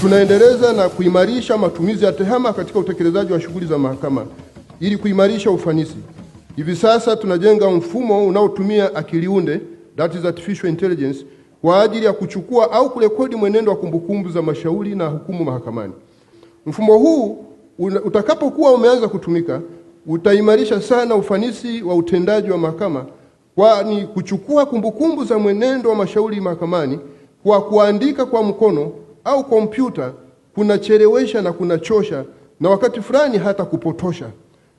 Tunaendeleza na kuimarisha matumizi ya tehama katika utekelezaji wa shughuli za mahakama ili kuimarisha ufanisi. Hivi sasa tunajenga mfumo unaotumia akiliunde, that is artificial intelligence, kwa ajili ya kuchukua au kurekodi mwenendo wa kumbukumbu za mashauri na hukumu mahakamani. Mfumo huu utakapokuwa umeanza kutumika utaimarisha sana ufanisi wa utendaji wa mahakama, kwani kuchukua kumbukumbu za mwenendo wa mashauri mahakamani kwa kuandika kwa mkono au kompyuta kunachelewesha na kunachosha na wakati fulani hata kupotosha.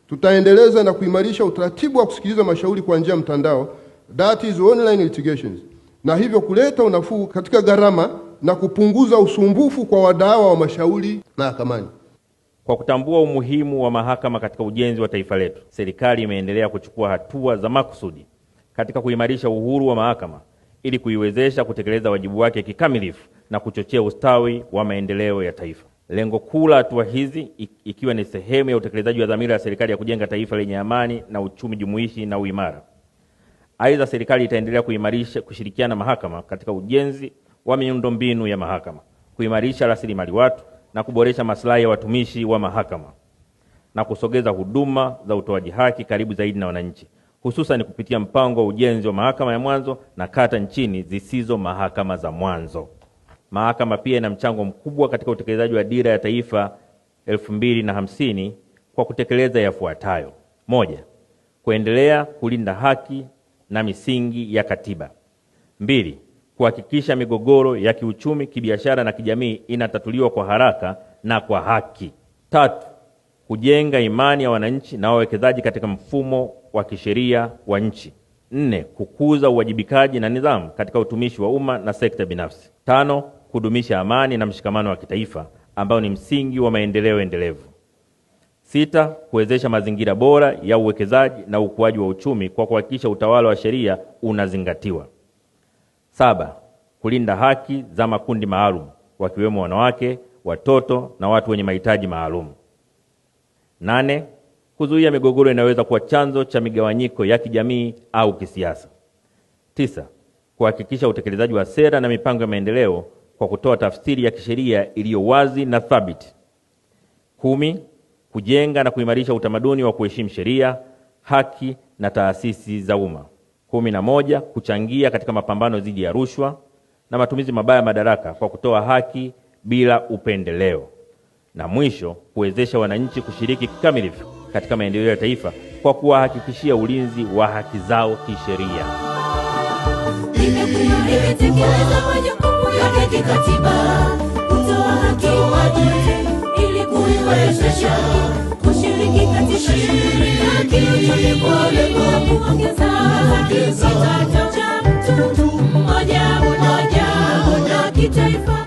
Tutaendeleza na kuimarisha utaratibu wa kusikiliza mashauri kwa njia ya mtandao, that is online litigations, na hivyo kuleta unafuu katika gharama na kupunguza usumbufu kwa wadawa wa mashauri mahakamani. Kwa kutambua umuhimu wa mahakama katika ujenzi wa taifa letu, serikali imeendelea kuchukua hatua za makusudi katika kuimarisha uhuru wa mahakama ili kuiwezesha kutekeleza wajibu wake kikamilifu na kuchochea ustawi wa maendeleo ya taifa. Lengo kuu la hatua hizi ikiwa ni sehemu ya utekelezaji wa dhamira ya serikali ya kujenga taifa lenye amani na uchumi jumuishi na uimara. Aidha, serikali itaendelea kuimarisha kushirikiana mahakama katika ujenzi wa miundombinu ya mahakama, kuimarisha rasilimali watu na kuboresha maslahi ya watumishi wa mahakama na kusogeza huduma za utoaji haki karibu zaidi na wananchi, hususan kupitia mpango wa ujenzi wa mahakama ya mwanzo na kata nchini zisizo mahakama za mwanzo. Mahakama pia ina mchango mkubwa katika utekelezaji wa Dira ya Taifa elfu mbili na hamsini kwa kutekeleza yafuatayo: moja, kuendelea kulinda haki na misingi ya katiba; mbili, kuhakikisha migogoro ya kiuchumi, kibiashara na kijamii inatatuliwa kwa haraka na kwa haki; tatu, kujenga imani ya wananchi na wawekezaji katika mfumo wa kisheria wa nchi; nne, kukuza uwajibikaji na nidhamu katika utumishi wa umma na sekta binafsi; tano, kudumisha amani na mshikamano wa kitaifa ambao ni msingi wa maendeleo endelevu. Sita, kuwezesha mazingira bora ya uwekezaji na ukuaji wa uchumi kwa kuhakikisha utawala wa sheria unazingatiwa. Saba, kulinda haki za makundi maalum wakiwemo wanawake, watoto na watu wenye mahitaji maalum. Nane, kuzuia migogoro inayoweza kuwa chanzo cha migawanyiko ya kijamii au kisiasa. Tisa, kuhakikisha utekelezaji wa sera na mipango ya maendeleo kwa kutoa tafsiri ya kisheria iliyo wazi na thabiti. Kumi, kujenga na kuimarisha utamaduni wa kuheshimu sheria, haki na taasisi za umma. Kumi na moja, kuchangia katika mapambano dhidi ya rushwa na matumizi mabaya madaraka kwa kutoa haki bila upendeleo. Na mwisho, kuwezesha wananchi kushiriki kikamilifu katika maendeleo ya taifa kwa kuwahakikishia ulinzi wa haki zao kisheria ikitekeleza majukumu yake kikatiba, kutoa haki ili kuiwezesha kushiriki katika shughuli za kiuchumi kwa lengo la kuongeza kipato cha mtu mmoja mmoja na kitaifa.